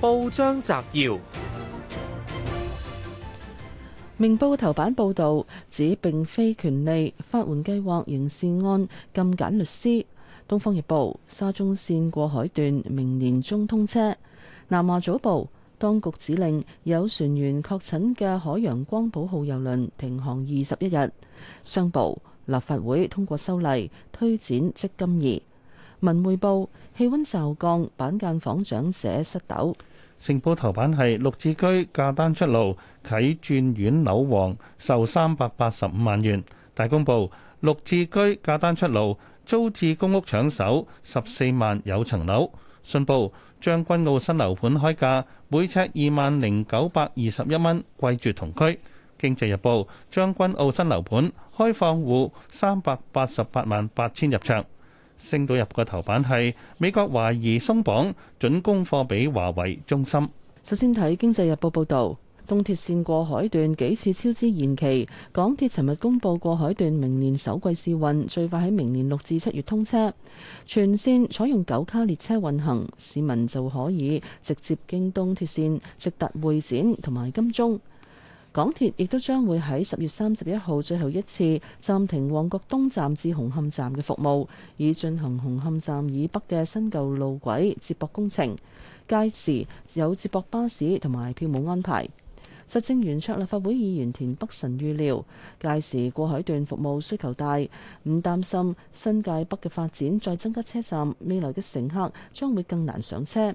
報章摘要：明報頭版報道指，並非權利，發援計劃，刑事案禁簡律師。東方日報沙中綫過海段明年中通車。南華早報當局指令有船員確診嘅海洋光譜號郵輪停航二十一日。商報立法會通過修例推展積金易。文匯報氣溫驟降，板間房長者失抖。城報頭版係綠置居價單出爐，啟鑽苑樓王售三百八十五萬元。大公報綠置居價單出爐，租置公屋搶手，十四萬有層樓。信報將軍澳新樓盤開價每尺二萬零九百二十一蚊，貴絕同區。經濟日報將軍澳新樓盤開放戶三百八十八萬八千入場。升到入個頭版係美國懷疑鬆綁准供貨俾華為中心。首先睇經濟日報報導，東鐵線過海段幾次超支延期，港鐵尋日公佈過海段明年首季試運，最快喺明年六至七月通車，全線採用九卡列車運行，市民就可以直接經東鐵線直達會展同埋金鐘。港鐵亦都將會喺十月三十一號最後一次暫停旺角東站至紅磡站嘅服務，以進行紅磡站以北嘅新舊路軌接駁工程。屆時有接駁巴士同埋票務安排。實政圓桌立法會議員田北辰預料，屆時過海段服務需求大，唔擔心新界北嘅發展再增加車站，未來嘅乘客將會更難上車。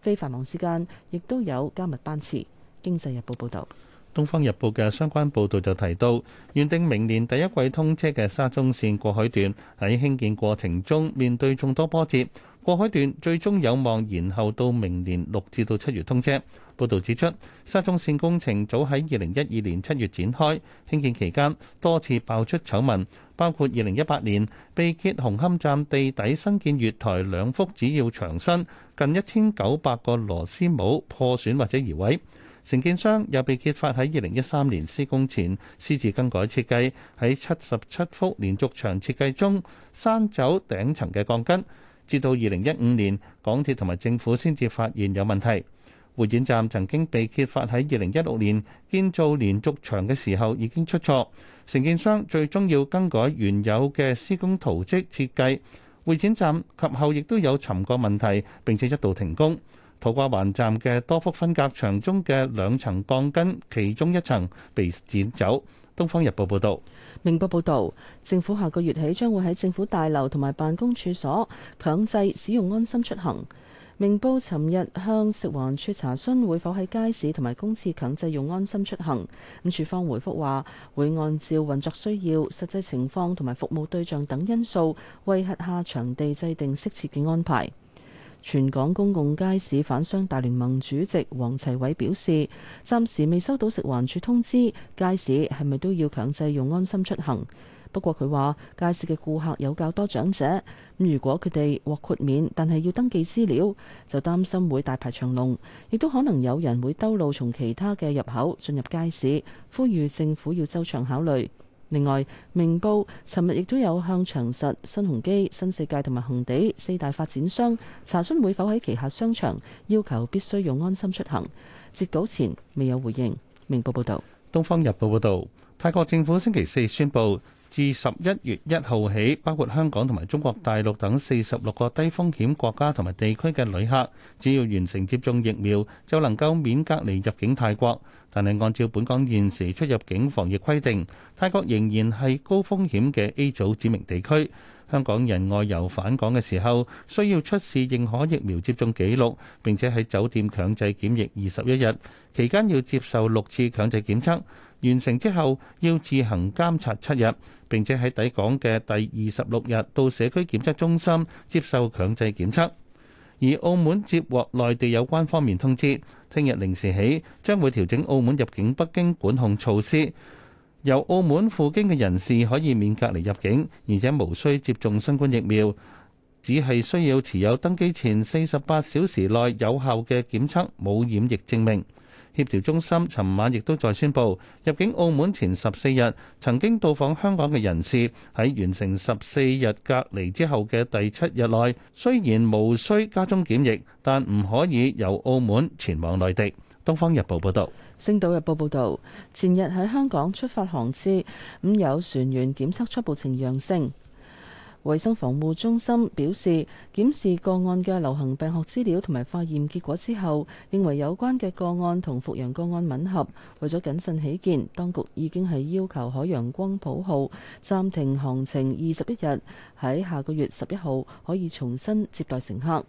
非繁忙時間亦都有加密班次。經濟日報報導，東方日報嘅相關報導就提到，原定明年第一季通車嘅沙中線過海段喺興建過程中面對眾多波折。過海段最終有望延後到明年六至到七月通車。報導指出，沙中線工程早喺二零一二年七月展開，興建期間，多次爆出醜聞，包括二零一八年被揭紅磡站地底新建月台兩幅主要牆身近一千九百個螺絲帽破損或者移位，承建商又被揭發喺二零一三年施工前私自更改設計，喺七十七幅連續牆設計中刪走頂層嘅鋼筋。至到二零一五年，港鐵同埋政府先至發現有問題。會展站曾經被揭發喺二零一六年建造連續牆嘅時候已經出錯，承建商最終要更改原有嘅施工圖則設計。會展站及後亦都有尋過問題，並且一度停工。土瓜灣站嘅多幅分隔牆中嘅兩層鋼筋，其中一層被剪走。《東方日報》報道，《明報》報道，政府下個月起將會喺政府大樓同埋辦公處所強制使用安心出行。明報尋日向食環署查詢會否喺街市同埋公廁強制用安心出行，咁署方回覆話，會按照運作需要、實際情況同埋服務對象等因素，為轄下場地制定適切嘅安排。全港公共街市販商大聯盟主席黃齊偉表示，暫時未收到食環署通知，街市係咪都要強制用安心出行。不過佢話街市嘅顧客有較多長者，如果佢哋獲豁免，但係要登記資料，就擔心會大排長龍，亦都可能有人會兜路從其他嘅入口進入街市，呼籲政府要周詳考慮。另外，明報尋日亦都有向長實、新鴻基、新世界同埋恆地四大發展商查詢會否喺旗下商場要求必須用安心出行，截稿前未有回應。明報報道：《東方日報》報道，泰國政府星期四宣布，自十一月一號起，包括香港同埋中國大陸等四十六個低風險國家同埋地區嘅旅客，只要完成接種疫苗，就能夠免隔離入境泰國。但係按照本港現時出入境防疫規定，泰國仍然係高風險嘅 A 組指明地區。香港人外遊返港嘅時候，需要出示認可疫苗接種記錄，並且喺酒店強制檢疫二十一日，期間要接受六次強制檢測。完成之後要自行監察七日，並且喺抵港嘅第二十六日到社區檢測中心接受強制檢測。而澳門接獲內地有關方面通知，聽日零時起將會調整澳門入境北京管控措施，由澳門赴京嘅人士可以免隔離入境，而且無需接種新冠疫苗，只係需要持有登機前四十八小時內有效嘅檢測冇染疫證明。協調中心尋晚亦都再宣布，入境澳門前十四日曾經到訪香港嘅人士，喺完成十四日隔離之後嘅第七日內，雖然無需家中檢疫，但唔可以由澳門前往內地。《東方日報》報導，《星島日報》報導，前日喺香港出發航次，咁有船員檢測初步呈陽性。衛生防護中心表示，檢視個案嘅流行病學資料同埋化驗結果之後，認為有關嘅個案同復陽個案吻合。為咗謹慎起見，當局已經係要求海洋光譜號暫停航程二十一日，喺下個月十一號可以重新接待乘客。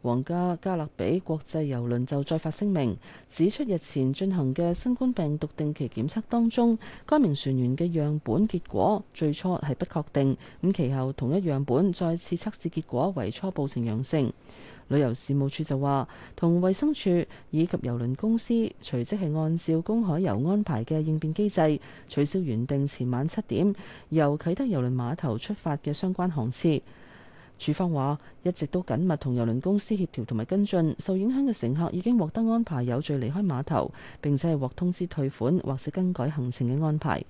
皇家加勒比國際郵輪就再發聲明，指出日前進行嘅新冠病毒定期檢測當中，該名船員嘅樣本結果最初係不確定，咁其後同一樣本再次測試結果為初步呈陽性。旅遊事務署就話，同衛生署以及郵輪公司隨即係按照公海遊安排嘅應變機制，取消原定前晚七點由啟德郵輪碼頭出發嘅相關航次。處方話一直都緊密同郵輪公司協調同埋跟進，受影響嘅乘客已經獲得安排有序離開碼頭，並且係獲通知退款或者更改行程嘅安排。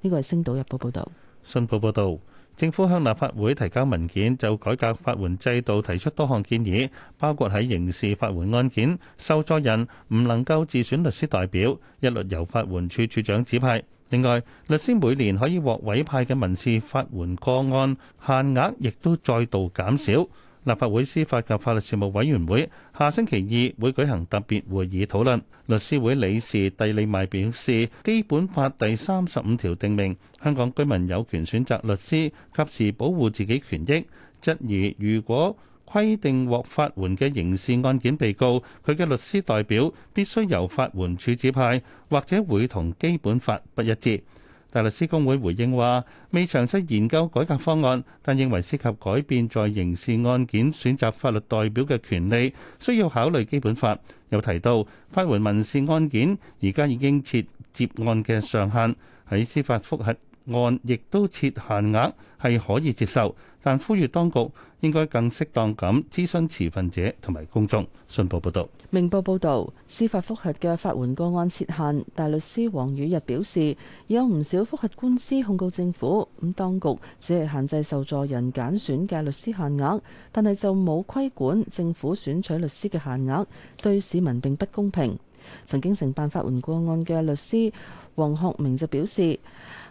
呢個係《星島日報》報導，《信報》報道，政府向立法會提交文件就改革法援制度提出多項建議，包括喺刑事法援案件受助人唔能夠自選律師代表，一律由法援處處長指派。另外，律師每年可以獲委派嘅民事發援個案限額，亦都再度減少。立法會司法及法律事務委員會下星期二會舉行特別會議討論。律師會理事蒂利麥表示，《基本法》第三十五條定明，香港居民有權選擇律師，及時保護自己權益。質疑如果規定獲法援嘅刑事案件被告，佢嘅律師代表必須由法援處指派，或者會同基本法不一致。大律師公會回應話，未詳細研究改革方案，但認為適合改變在刑事案件選擇法律代表嘅權利，需要考慮基本法。又提到法援民事案件，而家已經設接案嘅上限，喺司法覆核案亦都設限額，係可以接受，但呼籲當局應該更適當咁諮詢持份者同埋公眾。信報報道明報報道司法複核嘅法援個案設限，大律師黃宇日表示，有唔少复核官司控告政府，咁當局只係限制受助人揀選嘅律師限額，但係就冇規管政府選取律師嘅限額，對市民並不公平。曾經承辦法援個案嘅律師。黃學明就表示，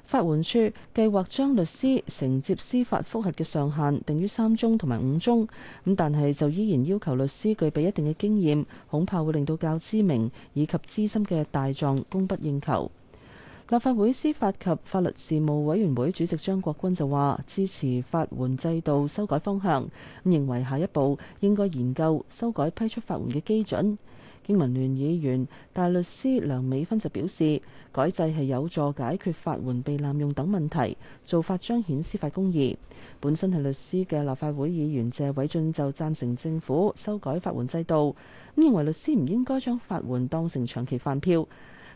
法援處計劃將律師承接司法覆核嘅上限定於三宗同埋五宗，咁但係就依然要求律師具備一定嘅經驗，恐怕會令到較知名以及資深嘅大狀供不應求。立法會司法及法律事務委員會主席張國軍就話，支持法援制度修改方向，認為下一步應該研究修改批出法援嘅基準。經民聯議員、大律師梁美芬就表示，改制係有助解決法援被濫用等問題，做法彰顯司法公義。本身係律師嘅立法會議員謝偉俊就贊成政府修改法援制度，咁認為律師唔應該將法援當成長期飯票，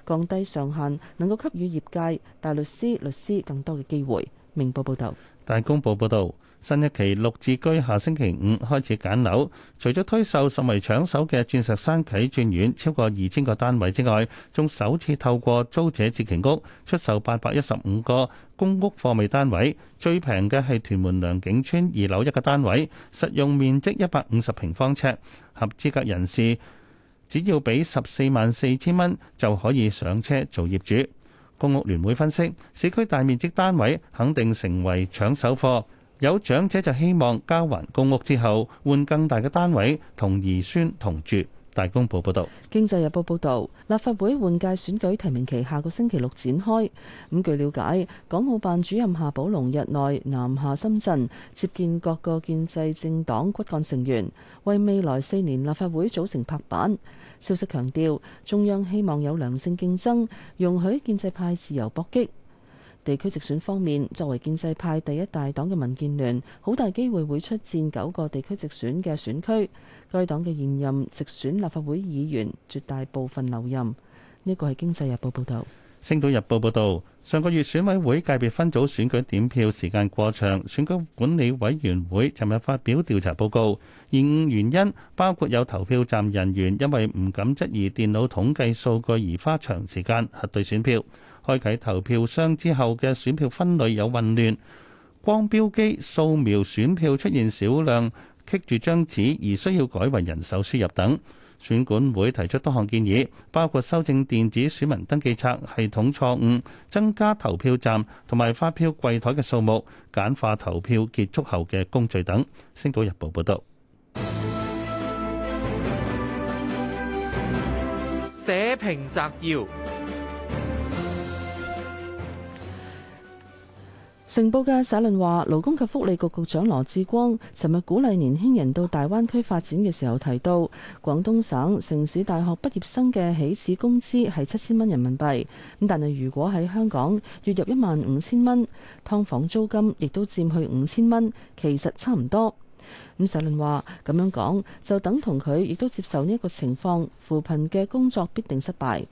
降低上限能夠給予業界、大律師、律師更多嘅機會。明報報導，大公報報導，新一期綠置居下星期五開始揀樓，除咗推售甚為搶手嘅鑽石山啟鑽苑超過二千個單位之外，仲首次透過租者置其屋出售八百一十五個公屋貨尾單位，最平嘅係屯門良景村二樓一個單位，實用面積一百五十平方尺，合資格人士只要俾十四萬四千蚊就可以上車做業主。公屋聯會分析，市區大面積單位肯定成為搶手貨。有長者就希望交還公屋之後，換更大嘅單位同兒孫同住。大公報報道，《經濟日報》報道，立法會換屆選舉提名期下個星期六展開。咁據了解，港澳辦主任夏寶龍日內南下深圳，接見各個建制政黨骨幹成員，為未來四年立法會組成拍板。消息強調，中央希望有良性競爭，容許建制派自由搏擊。地區直選方面，作為建制派第一大黨嘅民建聯，好大機會會出戰九個地區直選嘅選區，該黨嘅現任直選立法會議員絕大部分留任。呢個係經濟日報報道。星島日報報道，上個月選委會界別分組選舉點票時間過長，選舉管理委員會尋日發表調查報告，現原因包括有投票站人員因為唔敢質疑電腦統計數據而花長時間核對選票。開啟投票箱之後嘅選票分類有混亂，光標機掃描選票出現少量棘住張紙而需要改為人手輸入等。選管會提出多項建議，包括修正電子選民登記冊系統錯誤、增加投票站同埋發票櫃台嘅數目、簡化投票結束後嘅工序等。星島日報報道。社評摘要。成報嘅社論話：勞工及福利局局長羅志光尋日鼓勵年輕人到大灣區發展嘅時候提到，廣東省城市大學畢業生嘅起始工資係七千蚊人民幣。咁但係如果喺香港月入一萬五千蚊，劏房租金亦都佔去五千蚊，其實差唔多。咁社論話：咁樣講就等同佢亦都接受呢一個情況，扶貧嘅工作必定失敗。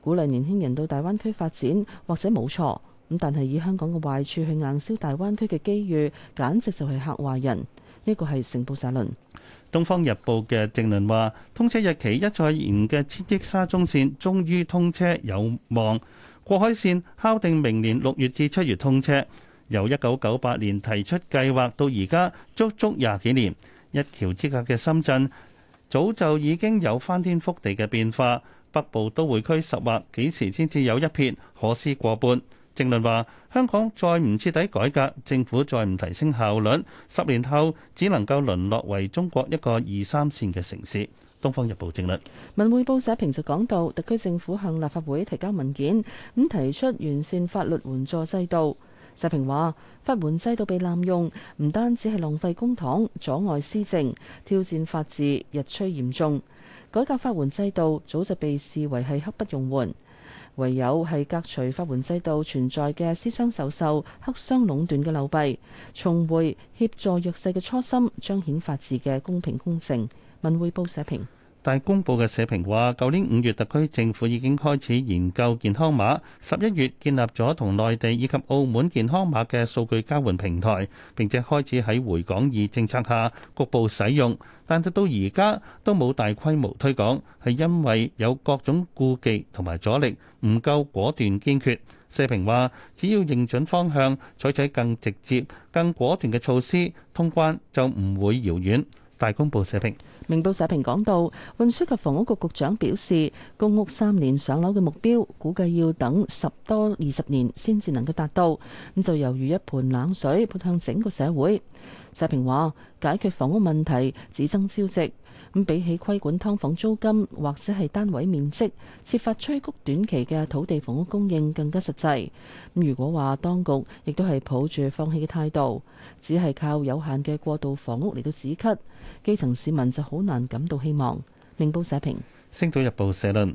鼓勵年輕人到大灣區發展或者冇錯。咁但係以香港嘅壞處去硬銷大灣區嘅機遇，簡直就係嚇壞人。呢個係成報社論，《東方日報》嘅正論話：通車日期一再延嘅千億沙中線終於通車有望，過海線敲定明年六月至七月通車。由一九九八年提出計劃到而家足足廿幾年，一橋之隔嘅深圳早就已經有翻天覆地嘅變化，北部都會區十劃幾時先至有一撇可思過半？政論話：香港再唔徹底改革，政府再唔提升效率，十年後只能夠淪落為中國一個二三線嘅城市。《東方日報》政論。文匯報社評就講到，特區政府向立法會提交文件，咁提出完善法律援助制度。社評話：法援制度被濫用，唔單止係浪費公帑、阻礙施政、挑戰法治，日趨嚴重。改革法援制度早就被視為係刻不容緩。唯有係革除法援制度存在嘅私相授受、黑箱壟斷嘅陋弊，重回協助弱勢嘅初心，彰顯法治嘅公平公正。文匯報社評。大公報嘅社評話：舊年五月特區政府已經開始研究健康碼，十一月建立咗同內地以及澳門健康碼嘅數據交換平台，並且開始喺回港易政策下局部使用。但係到而家都冇大規模推廣，係因為有各種顧忌同埋阻力，唔夠果斷堅決。社評話：只要認準方向，採取更直接、更果斷嘅措施，通關就唔會遙遠。大公報社評。明報社評講到，運輸及房屋局局長表示，公屋三年上樓嘅目標，估計要等十多二十年先至能夠達到，咁就猶如一盆冷水潑向整個社會。社評話，解決房屋問題只爭朝夕。咁比起規管劏房租金或者係單位面積，設法催谷短期嘅土地房屋供應更加實際。咁如果話當局亦都係抱住放棄嘅態度，只係靠有限嘅過渡房屋嚟到止咳，基層市民就好難感到希望。明報社評。《星島日報》社論。